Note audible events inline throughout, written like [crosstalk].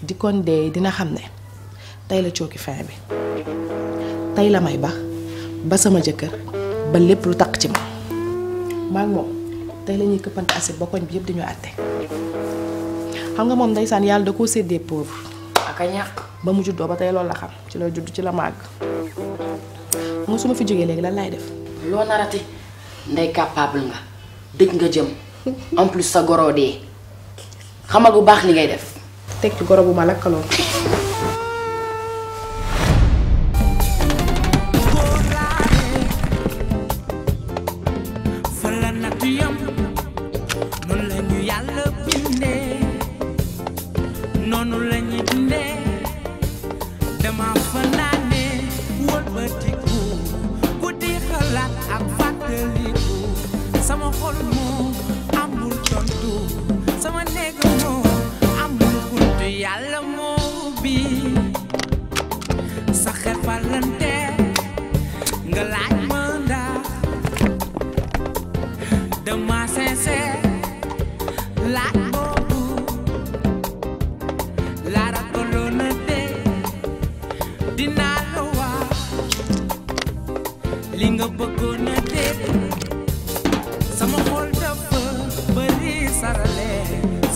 di kon dee dina xam ne tey la cooki fin bi tey la may ba ba sama jëkkër ba lépp lu taq ci ma maag moom tey la ñuy këppante asit ba koñ bi yëpp dañu àtte xam nga moom ndeysaan yàlla da koo séddee pauvre ak a ba mu juddoo ba tey loolu la xam ci la judd ci la màgg suma fi jógee léegi lan lay def loo narati ndey capable nga dëj nga jëm en plus sa goroo dee xamal li ngay def teg ci goro bu ma lakkaloon. bëggoon na dee sama xol dafa bëri sarale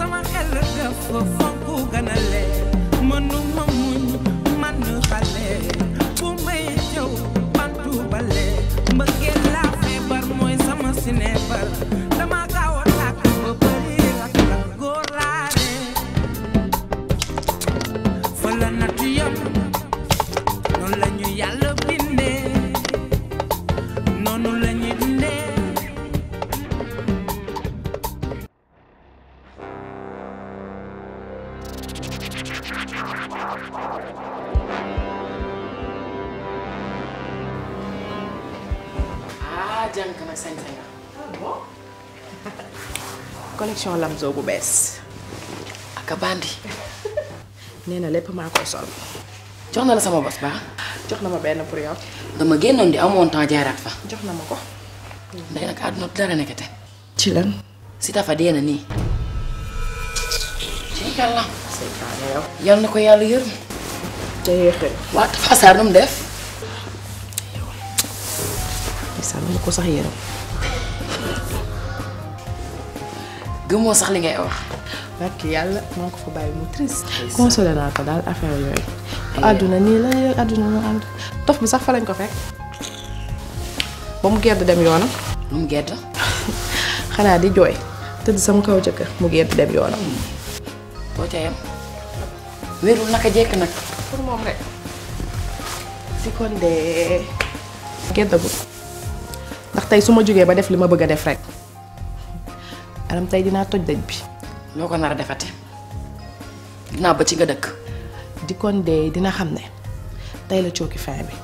sama xel dafa fonk ganale collection lam zo bu bees aka bandi [laughs] nee na lépp maa koy sol jox na la sama bos baax jox ya. na ma benn pour yow dama génnoon di amoon temps jaaraat fa jox na ma ko ndey nag àdduna dara nekkate ci lan si tafa dee na nii ci yàlla seytaane yow yal na ko yàlla yërm te yéexee waa tafa saar def yow sa ko sax yërm gëmoo sax li ngay wax. barke yàlla moo ko fa bàyyi mu triste. consolé naa ko daal affaire yooyu. Eh. àdduna nii la yooyu àdduna moo ànd. tof bi sax fa ko fekk. ba mu gedd dem yoonam. ba mu gedd. [laughs] xanaa di jooy. tëdd sama kaw jëkkër mu gedd dem yoonam. boo hmm. ca yem. wérul naka jekk nag. pour moom si kon de. geddagut ndax tey su ma jógee ba def li ma bëgg a def rek. aram tey dinaa toj daj bi. loo ko nar a defate dinaa ba ci nga dëkk. di kon dina xam ne tey la cooki fin bi.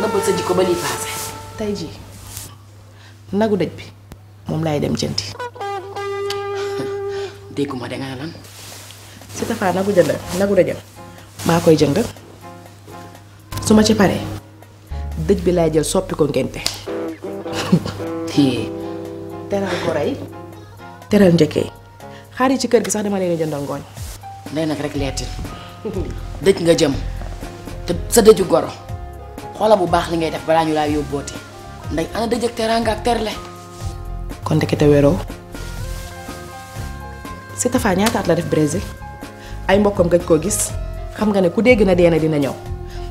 nëbbal sa jikko ba lii paase. tey jii nagu daj bi moom laay dem jëndi. [laughs] dégguma danga lan. si tafa nagu jënd nagu dajal. maa koy jënd su ma ci paree. deej bi laay jël soppi ko ngenté teral téral ko ray téral yi xari ci kër gi sax dama leen jëndal ngoñ day nak rek leetil deej nga jëm te sa dëju goro xola bu baax li ngay def bala ñu la yóbbooti ndax ana deej ak teraanga ak terle kon ndekete weroo si tafaa at la def Brésil ay mbokkam gëj ko gis xam nga ne ku dégg na déna dina ñëw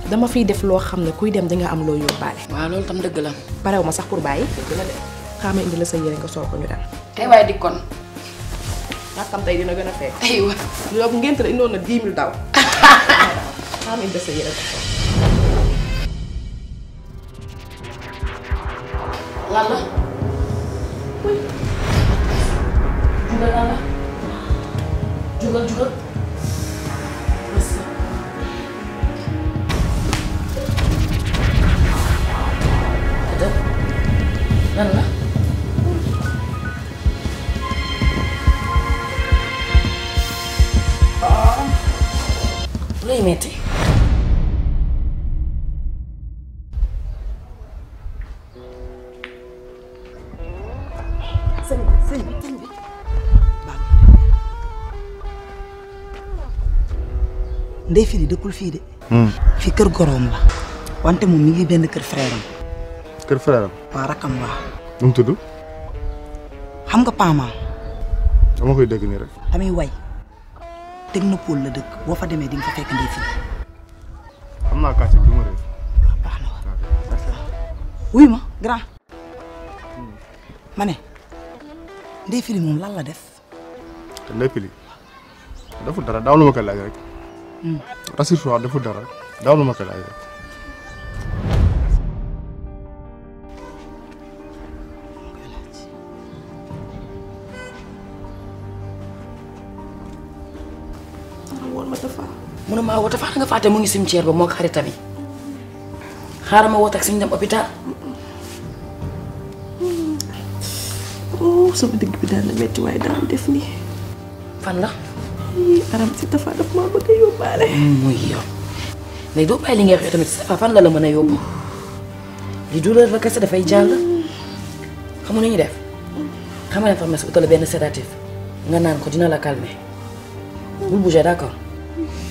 dama fiy def loo xam ne kuy dem dinga am loo yóbbaale. waaw loolu tam dëgg la. parew ma sax pour bàyyi. dëgg la de xaaral indi la sa yére nga sol ko ñu dem. tey waaye dikkoon. nakam tey dina gën a fekk. aywa loolu ngénte la indoon na daw. xaaral indi la sa yére nga sol. lan juga. jugal lelah Limiti. Sëñ bi sëñ bi sëñ bi baa ngi la. wante mi ngi frère kër frère am. waaw rakam waaw. nu mu tudd. xam nga Pama. dama koy dégg nii rek. damay way technopole la dëkk boo fa di nga fa fekk ndey fii. xam naa kàcce bi du ma réer. waaw na waaw. wuyu ma grand. ma ne. ndey fili moom def. te ndey fili deful dara daaw na ma ko laaj rek. Hmm. rassure-toi deful dara daaw na ma woo dafa nga fàtte mu ngi cimetière ba moo ko xaritam yi xaaral ma woo taxi ñu dem hôpital. oh sama digg bi daal metti waaye daal def nii. fan la. aram si tafa daf maa bëgg a yóbbaale. Mm, muy yow léegi doo bàyyi li ngay xew tamit si la la mën a yóbbu li douleur kese dafay jàll. xamu nañu def xam nga ne pharmacie utale benn sédatif nga naan ko dina la calmer bul bouger d'accord.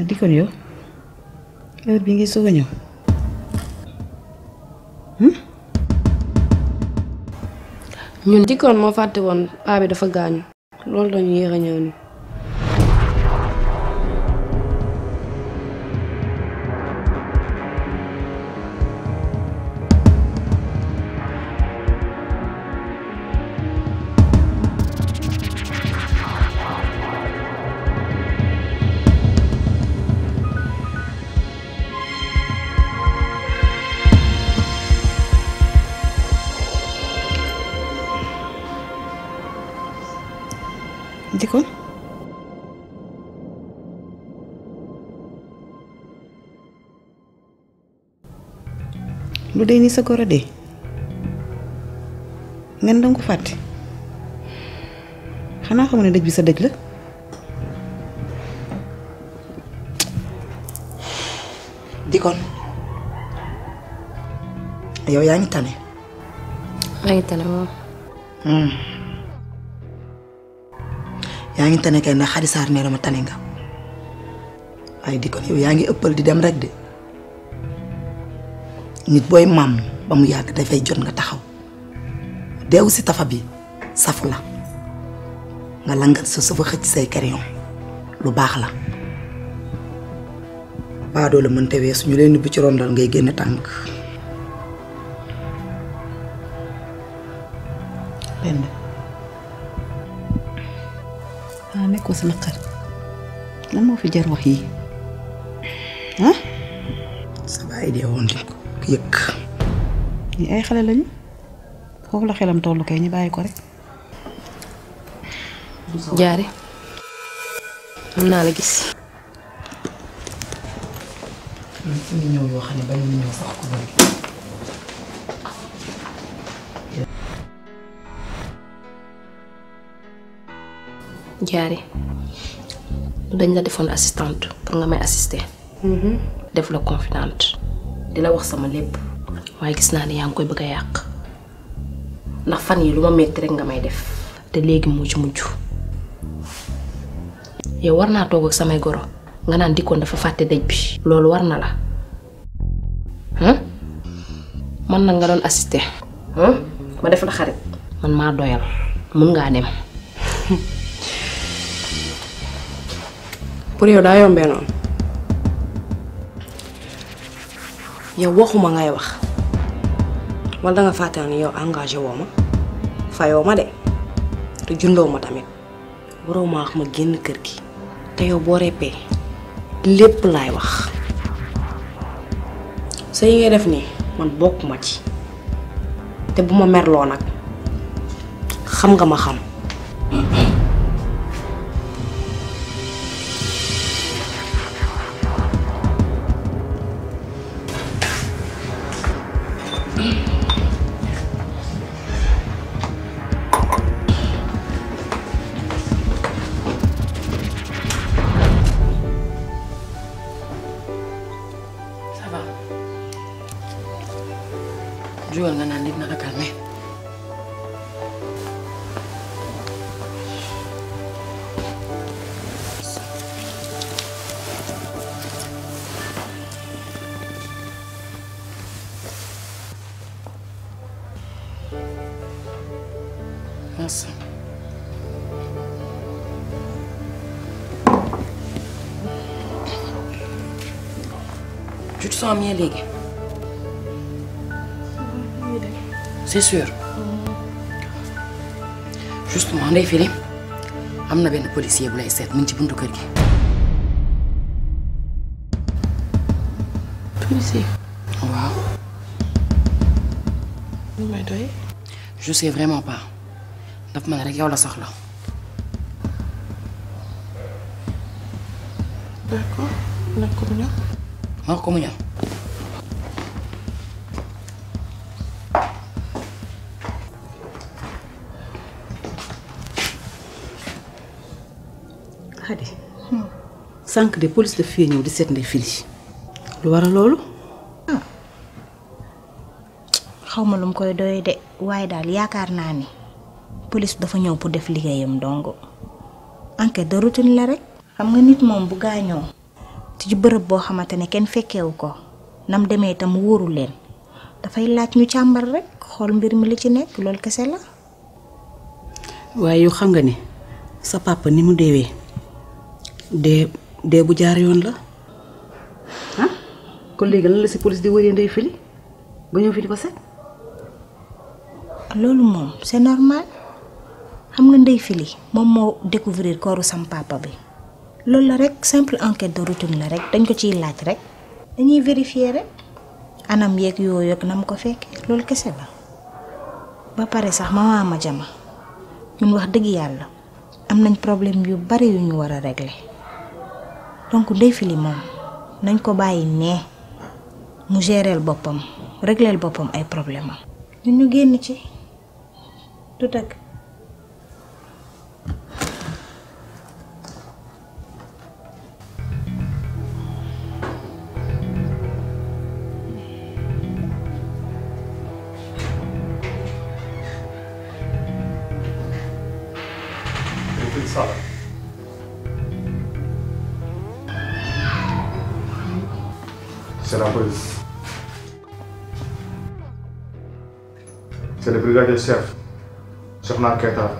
ah yow heure bi ngi soog a ñëw. Hmm? ñun dikkoon moo fàtte woon paa bi dafa gaañu loolu la ñu yéex ñëw nii. lu dee ni sa goro dee nga ne ko fàtte xanaa xam ne dëj bi sa dëj la di kon yow yaa ngi tane hmm. yaa ngi tane kay ndax xarisaar nee na ma tane nga waaye di kon yaa ngi ëppal di dem rek de nit boy mam bamuy yag yàgg fay jot nga taxaw dew ci tafa bi safla nga langal sa safa xëcc say crayon lu bax la do la mën weesu ñu leen bu ci rondal ngay génn tànk lenn ah ko sama xar lan mo fi jar wax yi ha sa baay dee woon yëg-yëg. ay xale lañu foofu la xelam tollu kay ñu bàyyi ko rek. jaare mën naa la gis. fi ne bañu jaare dañ la defoon assistante pour nga may assister. Mm-hmm. def la confidente. dila wax sama lepp waye gis na ni yang koy bëgg yaq ndax fan yi luma metti rek nga may def te legi mu ci muju ya warna togo ak samay goro nga nan dikkoon dafa fàtte dej bi loolu warna la hmm man na nga don assisté ma def la xarit man ma doyal mun nga dem pour yow da yombé non yow waxuma ngay wax wala da nga fàttali yow engagé woo ma fayoo ma de te jundoo ma tamit waroo ma wax ma génn kër gi te yow boo reppee lépp laay wax sa yi def nii man bokk ma ci te bu ma merloo nag xam nga ma xam Merci. Tu te sens mieux léegi. c'est sûr. justement Ndeye Fili am na benn policier bu lay seet mu ngi ci buntu kër policier. waaw. lu may doy. sais vraiment pas. daf ma ne rek yow la soxla. d'accord ko mu ñëw. ma ko mu ñëw. Xadi. sànq de police daf fee ñëw di seet ndey fili lu waral loolu. Ah. xaw ma lu mu koy doy de waaye daal yaakaar naa ni. police dafa ñew pour def ligéyam dongo. enquête de routine la rek xam nga nit mom bu gaño ci bërëb boo xamante ne kenn wu ko nam tam wooru len da fay laaj ñu càmbar rek xol mbir mi li ci nekk lool kessé la way yu xam nga ni sa papa ni mu déwé dé dé bu jaar yoon la ha ah? ko la si police di wëree ndey fili ba ñu fi di ko sét lolu mom c'est normal xam nga ndey fili moom moo découvrir kooru sam papa bi loolu la rek simple enquête de routine la rek dañ ko ciy laaj rek dañuy vérifier rek anam yeeg yooyu ak nam ko fekkee loolu kese la ba pare sax maman ma jama ñun wax dëgg yàlla am nañ problème yu bari yu ñu war a régler donc ndey fili moom nañ ko bàyyi nee mu géreel boppam régleel boppam ay problème am ñu génn ci du dëgg Brigadier Chef, Chef Naketa,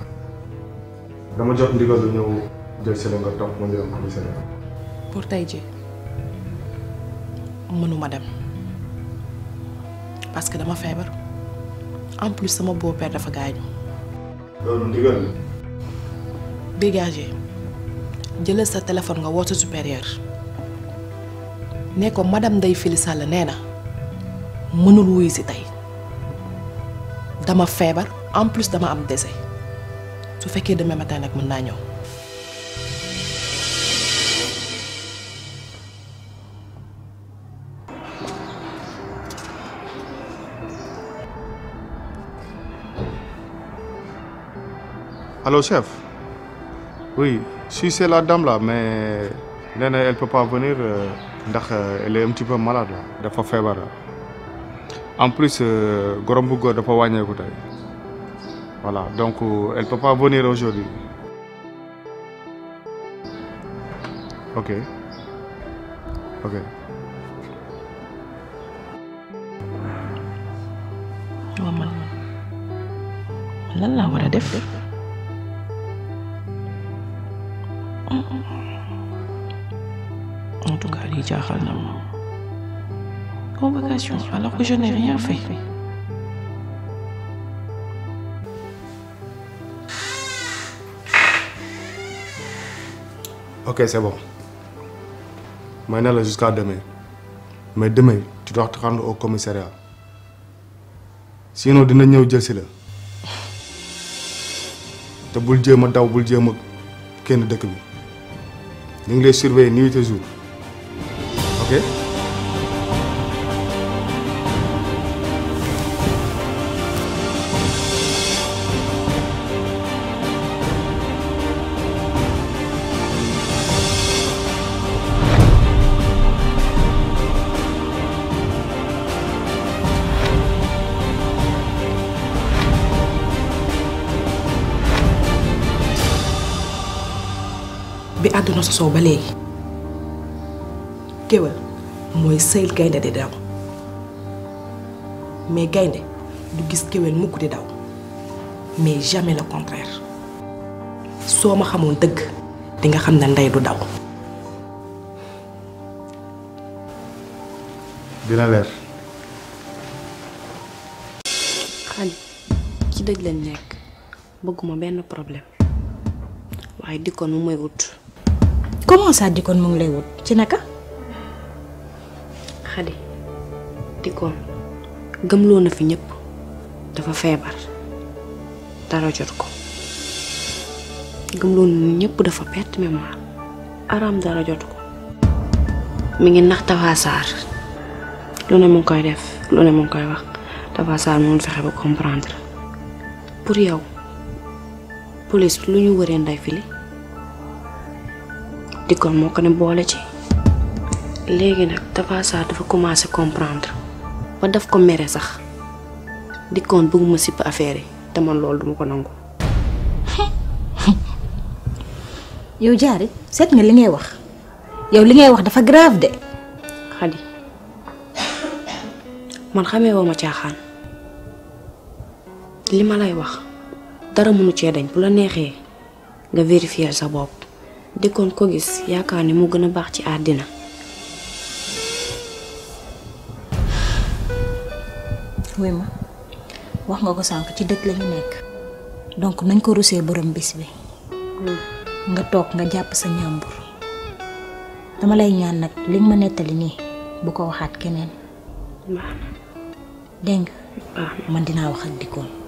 dama jot ndigal lu ñëw jël si la nga topp ma jël commissariat. pour tey ji mënuma dem parce que dama feebar en plus sama beau-père dafa gaañu. loolu ndigal la. dégagé jëlal sa téléphone nga woo sa supérieur ne ko madame Ndeye Fili Sall nee na mënul wuyu si tey. dama fièvre en plus dama am décès su fekkee demain matin nak mën na Allô, chef Oui, si c'est la dame là, mais elle peut pas venir euh, euh, elle est un petit peu malade là, elle en plus euh, gorom n'a pas pas wàññeeku voilà donc euh, elle peut pas venir aujourd'hui ok ok en tout cas alors que je n'ai rien fait. Ok, c'est bon. Maintenant, jusqu'à demain. Mais demain, tu dois te rendre au commissariat. Sinon, si là. te bul jéem daw bul kenn dëkk bi nuit et jour ok. àdduna sosoo ba léegi géwél mooy sëyil gaynde di daw mais gaynde du gis géwél mukk di daw mais jamais le contraire soo ma xamoon dëgg di nga xam ne ndey du daw dina ci dëj lañ nekk bëgguma benn problème waaye dikkoon mu may wut comment ça dikkoon mu ngi lay wut ci naka. xadi dikkoon gëmloo na fi ñëpp dafa feebar dara jot ko gëmloo na ñëpp dafa perte mémoire araam dara jot ko. mu ngi nax Tafa Sarr lu ne mu ngi koy def lu ne mu ngi koy wax Tafa Sarr mu ngi fexe ba comprendre pour yow police lu ñu wëree nday fili di ko moo ko ne boole ci léegi nak dafa sa dafa commencé comprendre ba daf ko mere sax bu mu sip affaire yi te man lolou duma ko nangou [laughs] yow jaari set nga li ngay wax yow li ngay wax dafa grave de xadi man xamé woo ma caaxaan li ma lay wax dara mënu ci dañ bu la nexé nga vérifier sa bop dekon ko gis yakane mo gëna bax ci adina wema ma wax nga ko sank ci dekk lañu nekk donc nañ ko rusee borom bis bi nga tok nga japp sa ñambur dama lay ñaan nak liñ ma netali ni bu ko waxat keneen deng man dina wax ak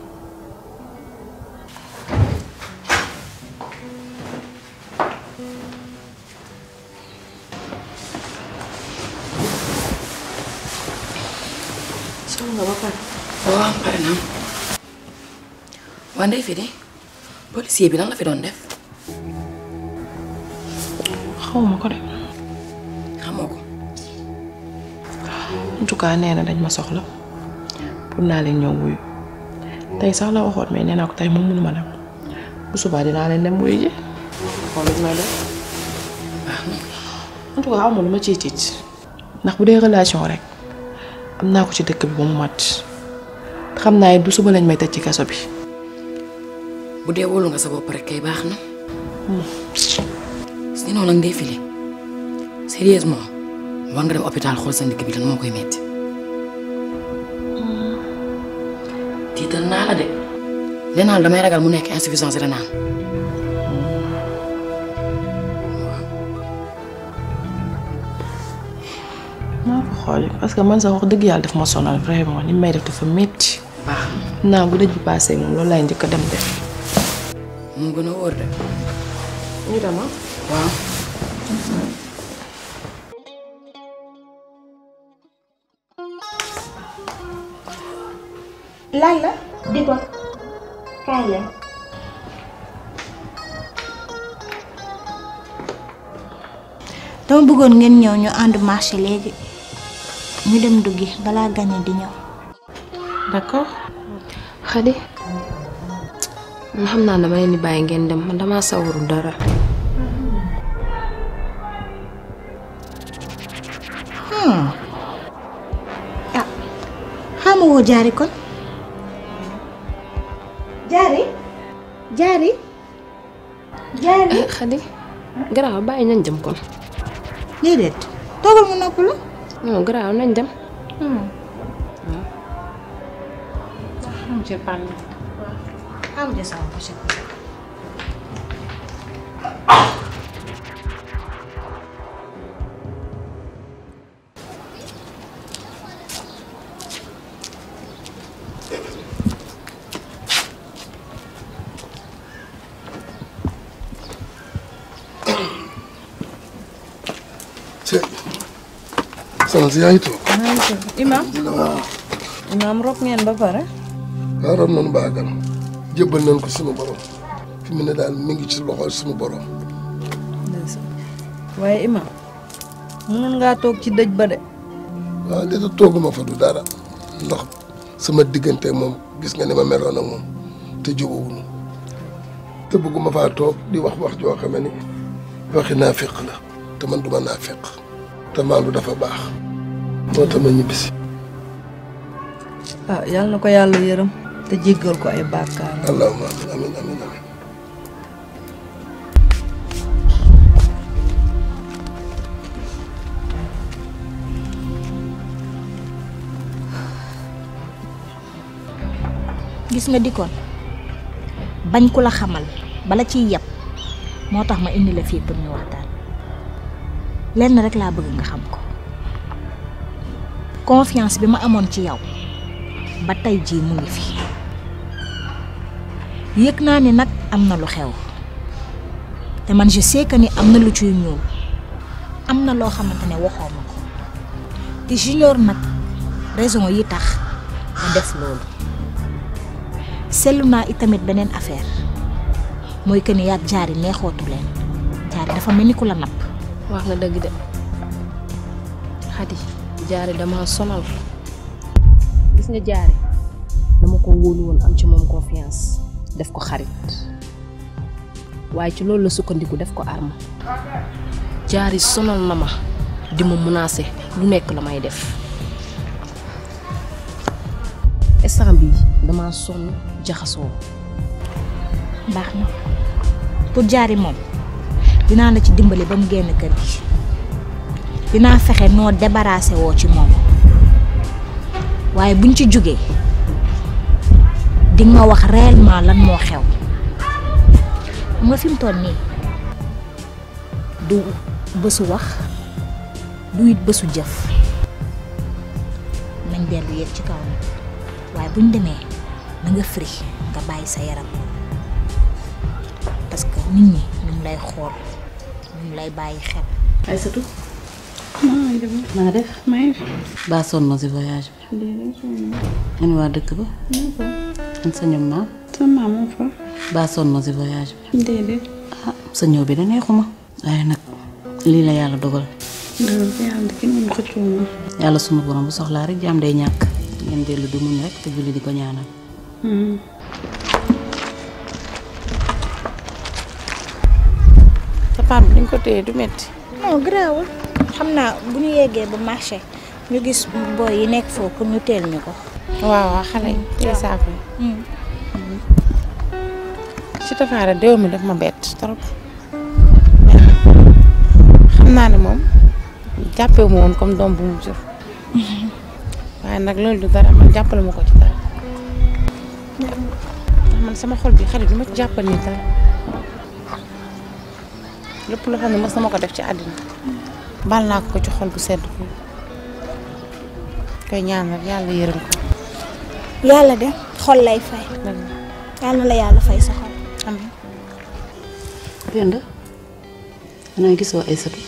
waa bi lan doon def. xawma ko nee na dañ ma soxla pour naa leen ñëw wuyu sax la waxoon mais naa ko tey moom mënu ma dem bu subaa dinaa leen dem lu ciy tiit ndax bu dee relation rek am naa ko ci dëkk bi ba mu mat xam naa it bu suba lañ may tëj ci kaso bi. bu dee wóolu nga sa bopp rek kay baax na. Hmm. sinon nag day nga dem hôpital xool sa ndigg bi lan moo koy metti hmm. tiital naa la de. léeg damay ragal mu nekk insuffisance rénale. maa hmm. ko xool parce que man sax wax dëgg yàlla daf ma sonal vraiment ni may def dafa métti. baax naa bu dëj bi paasee moom loolu laay njëkk a dem def. mu gën ah? dama bëggoon ngeen ñëw ñu ànd marché léegi ñu dem duggi balaa gagné di ñëw. d'accord. Xadi. xam naa dama leen di bàyyi ngeen dem man damaa sawaru dara hmm. ya. ah xaama woo jari kon Jari, jari, jari. xadi eh, garaaw bàyyi nañ dem kon déedéet toogal mu noppalu non garaaw nañ dem waaw قام بدي اسوي بشكل Sanziya ito. Imam. Nah. Imam rok ngeen ba pare. Ya? Haram non baagal. jébbal nañ ko suma borom fi mu ne daal mi ngi ci loxol sunu borom. waaye Imaam mënoon ngaa toog ci dëj ba de. waaw li tooguma fa du sama diggante moom gis nga ne ma meloon ak moom te jubawuñu te bëgguma faa toog di wax wax joo xam ne waxi naafiq la te man duma naafiq te maandu dafa baax moo tax ma ñibbisi. ah yàlla na ko yàlla yërëm. te jéggal ko ay bàkkaar allahumma amin amin amin gis nga dikon bagn kula xamal bala ci yeb motax ma indi la fi pour ñu waxtaan lenn rek la bëgg nga xam ko confiance bi ma amoon ci yow ba tay ji mu ngi fi yëg naa ni nag am na lu xew te man je sais ni am na lu ciy ñuul am na loo xamante ne waxoo ma ko te junior nag raison yi tax mu def loolu seetlu naa itamit beneen affaire mooy que ni yàgg jaari neexootu leen jaari dafa mel ni ku la napp. wax nga dëgg de xadi jaari dama sonal gis nga jaari dama ko wóolu am ci moom confiance. def ko xarit waaye ci loolu la sukkandiku def ko arme jaari sonal na ma di ma menacer lu nekk la may def instant bi dama sonn jaxasoo baax na pour jaari moom dinaa la ci dimbali ba mu génn kër gi dinaa fexe noo débarrassé woo ci moom waaye buñ ci jógee di nga wax réellement lan mo xew xam fim fi du bësu wax du it bësu jëf nañ delu yé ci kaw ni waaye buñ démé na nga fri nga bayyi sa yaram parce que nit ñi ñu lay xor ñu lay bayyi xel. ay sa tur. maa def ma def ba baa sonn si voyage bi. en wa dëkk ba sa ñoom maam. sa maam moo fa. baa sonn si voyage bi. déedéet. ah sa ñëw bi da neexuma. waaye nag lii la yàlla dogal. dëgg la yàlla kenn mënu xëccoo moom. yàlla sunu borom bu soxlaa rek jaam day ñàkk. ngeen dellu du muñ rek te julli di ko ñaanal. sa paan bi dañ ko téye du metti. non garaawul. xam bu ñu yeggee ba marché ñu gis boy yi nekk foofu ñu teel ñu waaw waaw xale yi tey saako yi. ci tafaara déw mi daf ma bett trop. xam naa ni moom jàppee ma woon comme doom bu mu waaye nag loolu du dara man jàppale ma ko ci dara. man sama xol bi xarit du ma jàppal ni dara. lépp loo xam ne mës na ma ko def ci àddina. baal naa ko ko ci xol bu sedd ko koy ñaanal yàlla yërëm ko. yàlla de xol lay fay. yàlla la yàlla fay sa xol. amiin. Penda. xanaa gisoo Aysatu.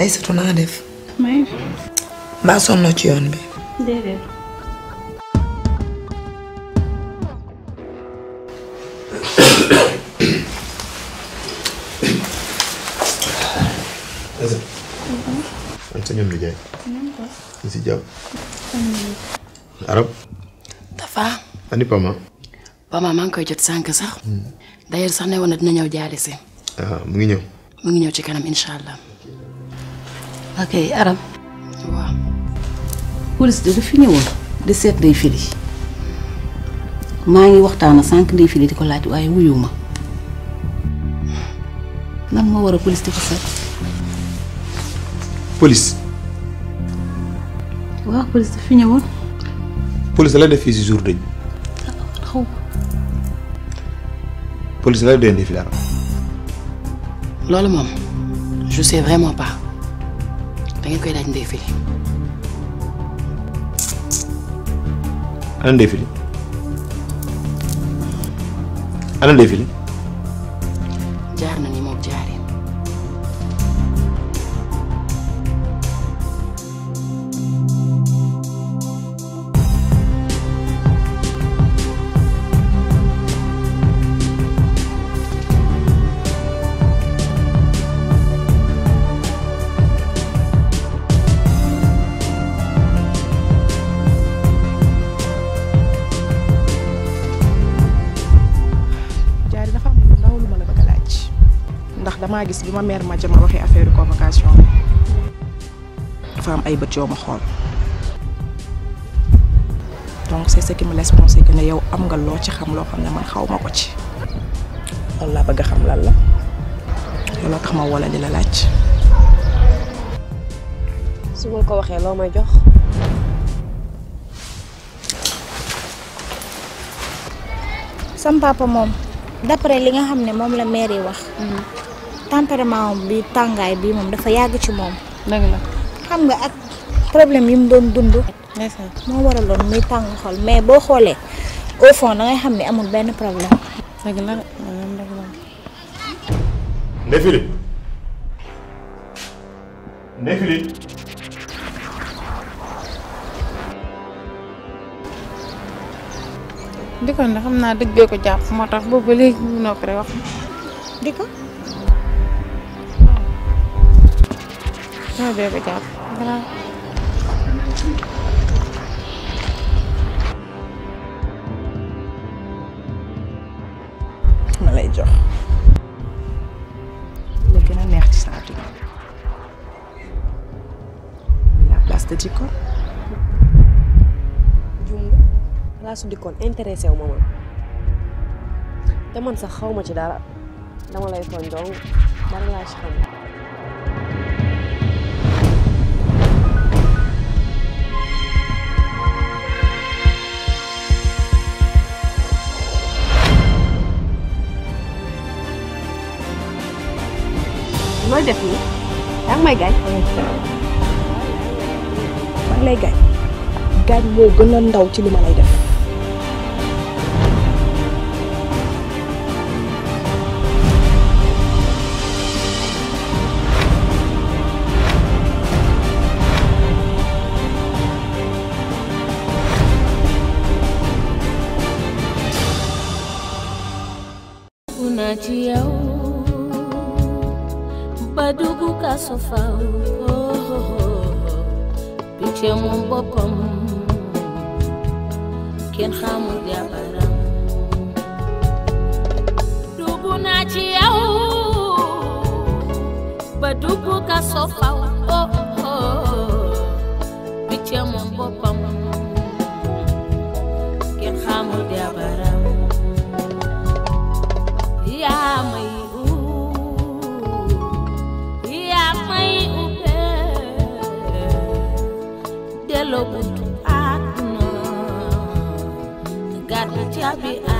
Aysatu naa def. mbaa sonnoo ci yoon bi. arab dafa ani pama pama maa ngi koy jot sànq sax d'ailleurs sax ne woon na dina ñëw jaale si ah mu ngi ñëw mu ngi ñëw ci kanam incha allah ok arab waaw police de dafa ñëwoon di seet day fili maa ngi waxtaana sànq day fili di ko laaj waaye wuyu ma lan moo war a police di ko seet police waaw police dafa ñëwoon police la def fii si jour dëj xaw police la def fi dara loolu maman, je sais vraiment pas da ngeen koy laaj Ndeye Fili ana Ndeye Fili ana Fili ma gis bi ma mère ma jama waxee affaire convocation bi am ay bët yoo ma xool donc c'est ce qui me laisse penser yow am nga loo ci xam loo xam ne man xaw ma ko ci loolu laa bëgg a xam lan la looloo tax ma wala di la laaj su ma ko waxee loo ma jox sam papa moom d'après li nga xam ne moom la mère wax mm-hmm. tempérament bi tàngaay bi moom dafa yàgg ci moom. dëgg la xam nga ak problème yi doon dund. moo waraloon mais boo xoolee au fond xam ne amul benn problème. dëgg la dëgg la. ko ne xam naa dëggee ko jàpp moo tax boobu ba léegi mu noppi wax. di ko. sama bébé jàpp waaw. ma lay jox. neex ci sa àdduna. la place de wu ma man te man sax xaw ma ci dara dama lay foñ dong dara laa ci xam. 됐니? yaa gay mày ngi lay gay gaañ moo gën a ndaw ci li ma lay def Mà chiều badugu kasofa oh, oh, oh. piche mom bopam ken xamul yabaram dugu na ci yow ka kasofa oh, oh, oh. piche mom bopam lobut ak ah, no got to be.